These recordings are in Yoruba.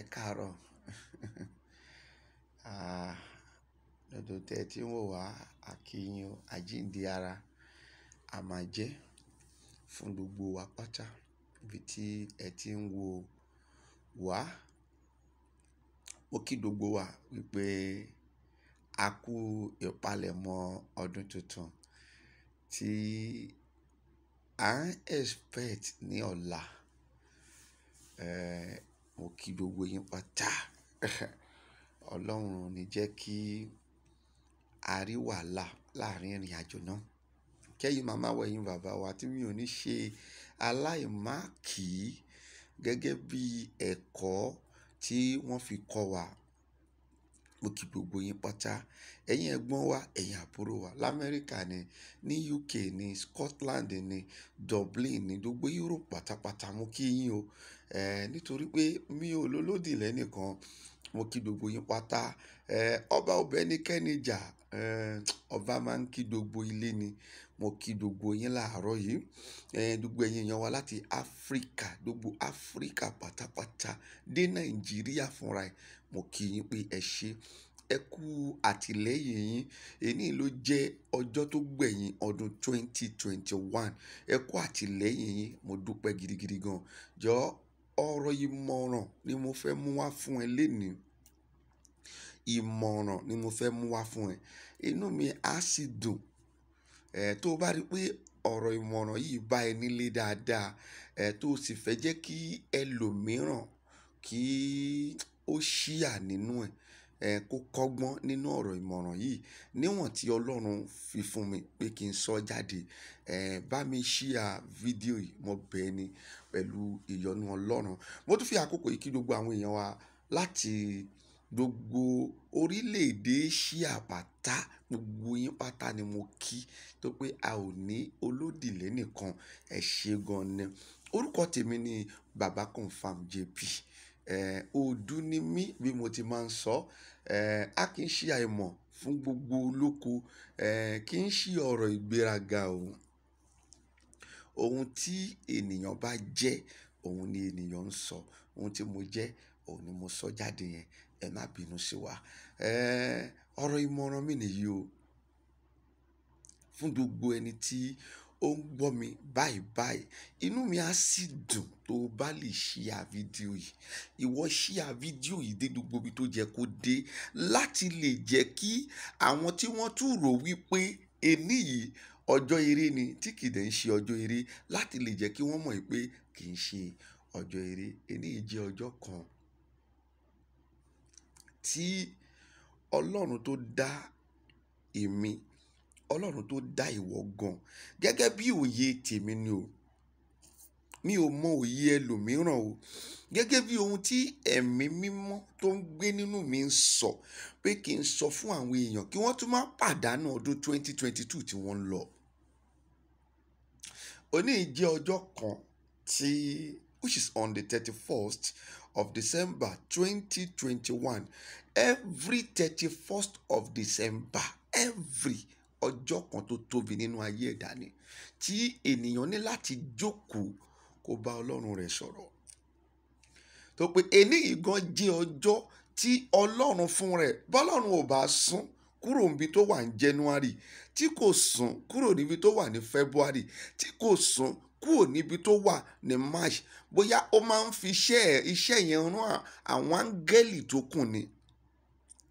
Ẹ káàárọ̀. Ah, dòdò tẹ tí ń wò wá, a kí yín o. Àjíǹde ara a máa jẹ́ fún gbogbo wa pátá. Ibi tí ẹ ti ń wò wá, mo kí gbogbo wa wípé a kú ìpalẹ̀mọ́ ọdún tuntun tí à ń expect ní ọ̀la. Eh. Mo kí gbogbo yín pátá. Ọlọ́run ní jẹ́ kí a rí wàhálà láàárín ìrìnàjò náà. Kẹ́yìn màmá wa, ẹ̀yin bàbá wa tí mi ò ní ṣe aláìmákì gẹ́gẹ́ bí ẹ̀kọ́ tí wọ́n fi kọ́ wa. Mo kí gbogbo yín pátá. Ẹ̀yin ẹ̀gbọ́n wa, ẹ̀yin àbúrò wa l'Amẹ́ríkà ni, ní UK ni, Scotland ni, Dublin ni, gbogbo Europe pátápátá mo kí yín o. ẹ nítorí pé mi ò lólódì lẹ́nìkan mo kí gbogbo yín pátá ẹ ọba ọbẹ̀ ẹnikẹ́ni jà ẹ ọba máa ń kí gbogbo ilé ni mo kí gbogbo yín láàárọ̀ yìí ẹ gbogbo ẹ̀yin èèyàn wa láti áfíríkà gbogbo áfíríkà pátápátá dé nàìjíríà fúnra ẹ̀ mo kí yín pé ẹ ṣe ẹ kú àtìlẹ́yìn yín èyí ló jẹ́ ọjọ́ tó gbẹ̀yìn ọdún 2021 ẹ kú àtìlẹ́yìn yín mo dúpẹ́ gidigidi gan jọ ọ̀rọ̀ ìmọ̀ràn ni mo fẹ́ mú wá fún ẹ lénìí ìmọ̀ràn ni mo fẹ́ mú wá fún ẹ inú mi á sì dùn ẹ̀ tó o bá rí i pé ọ̀rọ̀ ìmọ̀ràn yìí bá ẹ nílé dáadáa ẹ̀ tó o sì fẹ́ jẹ́ kí ẹlòmíràn kí ó ṣíà nínú ẹ̀ eh, kó kọ́gbọ́n nínú ọ̀rọ̀ ìmọ̀ràn yìí níwọ̀n tí Ọlọ́run fi fún mi pé kí n sọ jáde eh, bá mi ṣíà fídíò yìí mo bẹ̀ ẹ́ ni pẹ̀lú ìyọ́nú Ọlọ́run mo tún fi àkókò yìí kí gbogbo àwọn èèyàn wa láti gbogbo orílẹ̀-èdè ṣíà pátá gbogbo yín pátá ni mo kí tó pé a ò ní olódìlẹ́ nìkan ẹ ṣé gan ni orúkọ tèmi ni Baba Confirm JP. Òdu eh, ni mí bí mo ti máa ń sọ. Eh, a kì í ṣe àìmọ̀ fún gbogbo olóko, eh, kì í ṣe ọ̀rọ̀ ìgbéraga o. Ohun tí ènìyàn bá jẹ́, òun ni ènìyàn ń sọ. Ohun tí mo jẹ́, òun ni mo sọ jáde yẹn. Ẹ má bínú sí wa. Ọ̀rọ̀ ìmọ̀ràn mi nìyí o. Fún gbogbo ẹni tí ó ń gbọ́ mi báyìí báyìí inú mi á sì dùn tó o bá lè ṣíà fídíò yìí ìwọ ṣíà fídíò yìí dé gbogbo ibi tó jẹ kó dé láti lè jẹ́ kí àwọn tí wọ́n tún rò wípé ení yìí ọjọ́ eré ni tí kì í dẹ̀ ń ṣe ọjọ́ eré láti lè jẹ́ kí wọ́n mọ̀ pé kì í ṣe ọjọ́ eré ení yìí jẹ́ ọjọ́ kan tí ọlọ́run tó dá èmi ọlọ́run tó dá ìwọ gan gẹ́gẹ́ bí òye tèmi ni o mi ò mọ òye ẹlòmíràn o gẹ́gẹ́ bí ohun tí ẹ̀mí mímọ́ tó ń gbé nínú mi ń sọ pé kí n sọ fún àwọn èèyàn kí wọ́n tún má pàdánù ọdún 2022 tí wọ́n ń lọ. òní jẹ́ ọjọ́ kan tí which is on the 31st of December 2021 every 31st of December every ọjọ́ kan tó tóbi nínú ayé ẹ̀dá ni tí ènìyàn ní láti jókòó kó bá ọlọ́run rẹ̀ sọ̀rọ̀ tó pé eléyìí gan jẹ́ ọjọ́ tí ọlọ́run fún rẹ̀ bọ́lọ́run ò bá sún kúrò níbi tó wà ní January tí kò sún kúrò níbi tó wà ní February tí kò sún kúrò níbi tó wà ní March bóyá ó máa ń fi iṣẹ́ iṣẹ́ yẹn rán àwọn áńgẹ́lì tó kù ni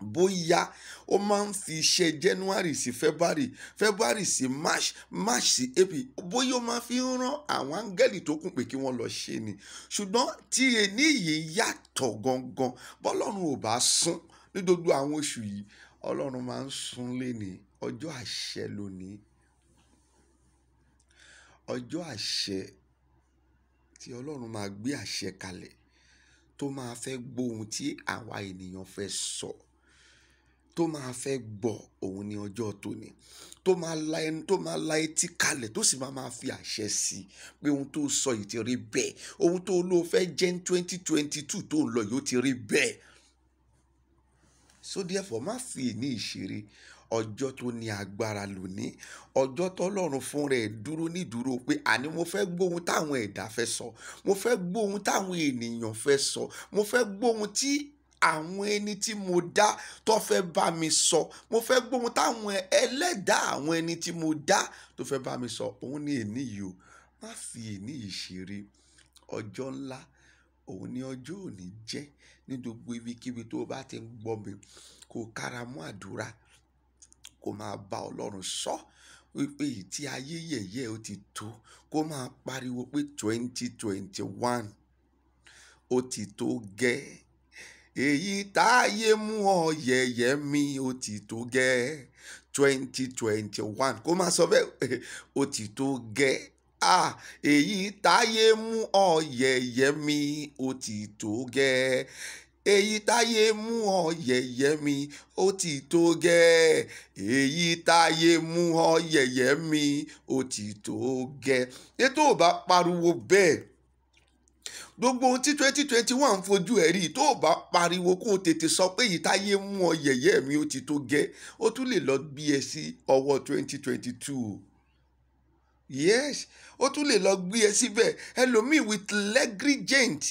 bóyá ó máa ń fi iṣẹ́ january sí february february sí march march sí april bóyá ó máa fi ń rán àwọn áńgẹ́lì tó kù pé kí wọ́n lọ ṣe ni ṣùgbọ́n tí ẹni yìí yàtọ̀ gangan bọ́lọ́run ò bá sún ní gbogbo àwọn oṣù yìí ọlọ́run máa ń sún léni ọjọ́ àṣẹ lónìí ọjọ́ àṣẹ tí ọlọ́run máa gbé àṣẹ kalẹ̀ tó máa fẹ́ gbóhun tí àwa ènìyàn fẹ́ sọ. So tó máa fẹ́ gbọ́ òun ní ọjọ́ tòní tó máa la ẹni tó máa la etí kalẹ̀ tó sì máa máa fi àṣẹ sí i pé ohun tó sọ yìí ti rí bẹ́ẹ̀ ohun tó ló fẹ́ jẹ́ twenty twenty two tó ń lọ yìí ó ti rí bẹ́ẹ̀ so therefore má fi ní ìṣeré ọjọ́ tó ní agbára lónìí ọjọ́ tọ́lọ́run fún rẹ̀ dúró nídúró pé àní mo fẹ́ gbóhun táwọn ẹ̀dá fẹ́ sọ mo fẹ́ gbóhun táwọn ènìyàn fẹ́ sọ mo fẹ́ gbóhun tí àwọn ẹni tí mo dá tó fẹ́ bá mi sọ mo fẹ́ gbóhun táwọn ẹlẹ́dàá àwọn ẹni tí mo dá tó fẹ́ bá mi sọ òun ni èní yìí o má fi èní yìí ṣeré ọjọ́ ńlá òun ni ọjọ́ òní jẹ́ ní gbogbo ibikíbi tó o bá ti ń gbọ́ mi kó o kára mọ́ àdúrà kó o máa bá ọlọ́run sọ wípé ìtí ayé yẹ̀yẹ́ ó ti tó kó máa pariwo pé twenty twenty one ó ti tó gẹ́ẹ́ èyí táyé mú ọ yẹ̀yẹ́ mi ó ti tó gẹ́ twenty twenty one kó má sọ bẹ́ẹ̀ ó ti tó gẹ́ ah èyí táyé mú ọ yẹ̀yẹ́ mi ó ti tó gẹ́ èyí táyé mú ọ yẹ̀yẹ́ mi ó ti tó gẹ́ èyí táyé mú ọ yẹ̀yẹ́ mi ó ti tó gẹ́ ètò ò bá pariwo bẹ́ẹ̀ gbogbo ohun tí twenty twenty one fojú ẹ̀ rí tó o bá pariwo kó o tètè sọ pé yìí táyé mú ọ yẹ̀yẹ́ mi ó ti tó gẹ́ ó tún lè lọ gbé ẹ sí ọwọ́ twenty twenty two yes ó tún lè lọ gbé ẹ síbẹ̀ ẹlòmíì with negligent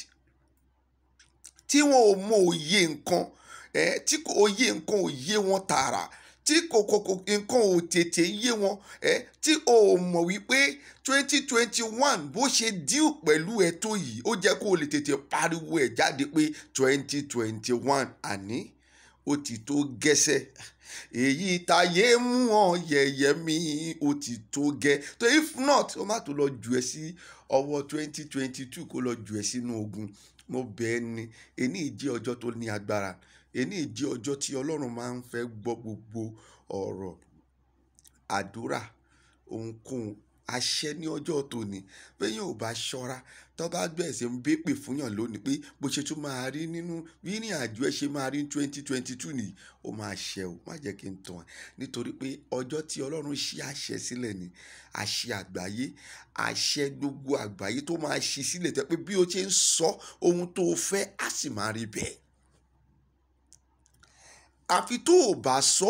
tí wọn ò mọ òye nǹkan ẹ tí òye nǹkan ò yé wọn tààrà tí kòkòkò nǹkan ò tètè yé wọn ẹ tí o ò mọ̀ wípé twenty twenty one bó ṣe díù pẹ̀lú ẹ̀tọ́ yìí ó jẹ́ kó o lè tètè pariwo ẹ̀ jáde pé twenty twenty one àní ó ti tó gẹ́sẹ̀ èyí táyé mú hàn yẹ̀yẹ́ mi ó ti tó gẹ́ tó if not ó má tó lọ jù ẹ́ sí ọwọ́ twenty twenty two kó lọ jù ẹ́ sínú ogun mo bẹ̀ ẹ́ ni èyí jẹ́ ọjọ́ tó ní agbára Èní jẹ́ ọjọ́ tí Ọlọ́run máa ń fẹ́ gbọ́ gbogbo ọ̀rọ̀ àdúrà, ohunkóhun, àṣẹ ní ọjọ́ tòní. Béèyàn ò bá ṣọ́ra, tó bá bẹ̀rẹ̀ sí ń bèpè fún èèyàn lónìí pé bó ṣe tún máa rí nínú, bí ìrìnàjò ẹ ṣe máa rí ní 2022 nìyí, ó máa ṣẹ o, má jẹ́ kí n tàn ẹ́. Nítorí pé ọjọ́ tí Ọlọ́run ṣí àṣẹ sílẹ̀ ni, àṣẹ àgbáyé, àṣẹ gbogbo àgbáyé tó máa ṣí sílẹ̀ tẹ́ pé bí o ṣe ń sọ ohun tó fẹ́, a sì máa rí bẹ́ẹ̀ àfi tó o bá sọ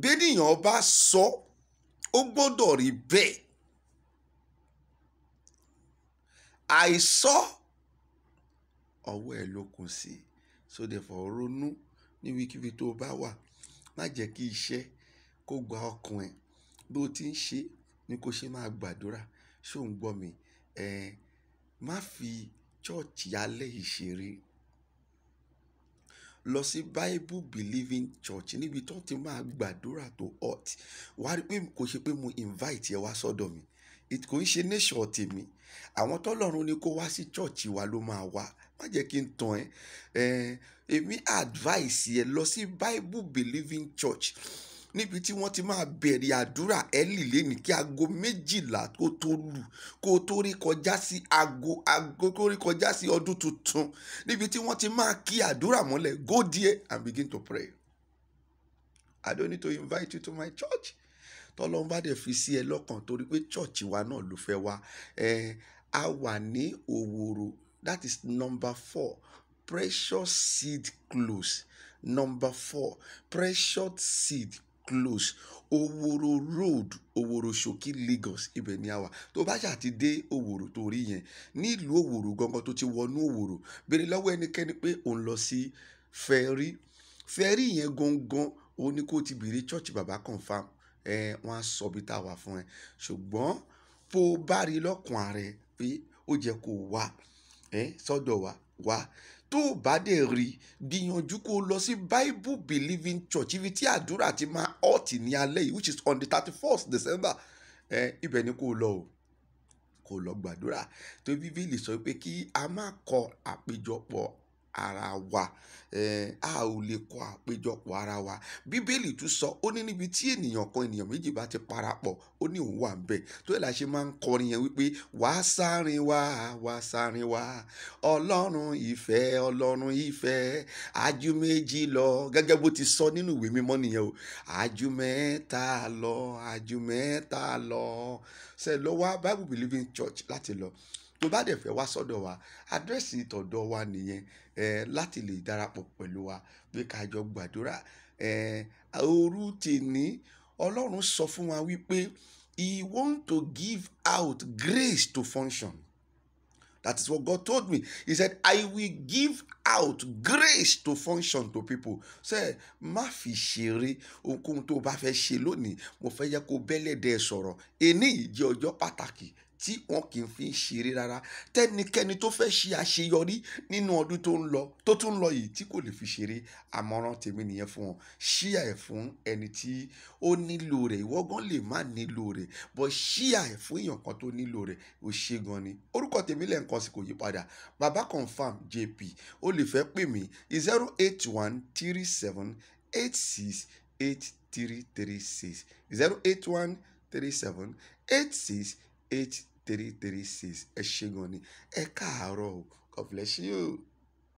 bẹ́nìyàn bá sọ ó gbọ́dọ̀ rí bẹ́ẹ̀ àìsọ ọwọ́ ẹ̀ ló kù sí so therefore ronú ní wíkíbi tó o bá wà má jẹ́ kí iṣẹ́ kó gba ọkàn ẹ̀ bó o ti ń ṣe ni kó ṣe máa gbàdúrà ṣó ń gbọ́ mi ẹ̀ má fi chọ́ọ̀chì alẹ́ ìṣeré lọ sí bible believing church níbi tó ti máa gbàdúrà tó hot wàá rí pé kò ṣe pé mo invite ẹ wá sọ́dọ̀ mi kò ń ṣe nation tèmi àwọn tọ́lọ́run ni kó wá sí church wa ló máa wá má jẹ́ kí n tàn ẹ́ èmi advice yẹ lọ sí bible believing church níbi tí wọ́n ti máa bẹ̀rẹ̀ àdúrà ẹ́lì lẹ́ni kí aago méjìlá kó tó lù kó tó rí kọjá sí aago aago kó rí kọjá sí ọdún tuntun níbi tí wọ́n ti máa kí àdúrà mọ́lẹ̀ go there and begin to pray. I don't need to invite you to my church tọ́lọ́n bá dẹ̀ fi sí ẹ lọ́kàn torí pé church wa náà ló fẹ́ wa ẹ a wà ní òwòrò that is number four precious seed close number four precious seed close oworo road oworo ṣòkí lagos ibẹ̀ ni a wà tó bá ṣáà ti dé oworo tó rí yẹn nílùú oworo gangan tó ti wọnú oworo béèrè lọ́wọ́ ẹnikẹ́ni pé òun lọ sí fẹ́rí fẹ́rí yẹn gangan òun ni kò ti béèrè church baba confam ẹ wọ́n á sọ bí tá a wà fún ẹ ṣùgbọ́n bó o bá rí lọ́kàn rẹ pé ó jẹ́ kó wá ẹ sọ́dọ̀ wa wá tó o bá dẹ̀ rí gbìyànjú kó o lọ sí bible believing church ibi tí àdúrà ti máa ọ̀tì ní alẹ́ yìí which is on the thirty first december ẹ ibẹ̀ ni kó o lọ o kó o lọ gbàdúrà tó bíbélì sọ pé kí a má kọ àpéjọpọ̀ ara wa a ò lè kọ àpéjọpọ̀ ara wa bíbélì tún sọ ó ní níbi tí ènìyàn kan ènìyàn méjì bá ti parapọ̀ ó ní òun wà ń bẹ̀ tó yẹ la ṣe máa ń kọrin yẹn wípé wà á sárin wá wà á sárin wá ọlọ́run ìfẹ́ ọlọ́run ìfẹ́ ajú méjì lọ gẹ́gẹ́ bó ti sọ nínú ìwé mímọ́ nìyẹn o ajú mẹ́ta lọ ajú mẹ́ta lọ ṣe lọ Bible Believing Church láti lọ tó bá dẹ̀ fẹ́ wá sọ́dọ̀ wa àdírẹ́sì tọ̀dọ̀ wa nìyẹn láti lè darapọ̀ pẹ̀lú wa pé ká jọ gbàdúrà òru tèní ọlọ́run sọ fún wa wípé he want to give out grace to function that is what God told me he said I will give out grace to function to people ṣe má fi ṣeré ohunkóhun tó o bá fẹ́ ṣe lónìí mo fẹ́ yẹ kó bẹ́lẹ̀ dẹ́ sọ̀rọ̀ èní jẹ́ ọjọ́ pàtàkì tí wọn kì í fi ń ṣeré rárá tẹnikẹ́ni tó fẹ́ ṣe àṣeyọrí nínú ọdún tó ń lọ tó tún lọ yìí tí kò lè fi ṣeré àmọ̀ràn tèmi nìyẹn fún wọn ṣíà ẹ̀ fún ẹni tí ó nílò rẹ̀ ìwọ gan lè má nílò rẹ̀ bọ́ ṣíà ẹ̀ fún èèyàn kan tó nílò rẹ̀ ó ṣe gan ni orúkọ tèmi lẹ́ǹkan sì kò yí padà baba confam jp ó lè fẹ́ pè mí zero eight one three seven eight six eight three three six zero eight one three seven eight six eight three three six ẹ ṣé gan ni ẹ káàárọ̀ o God bless you.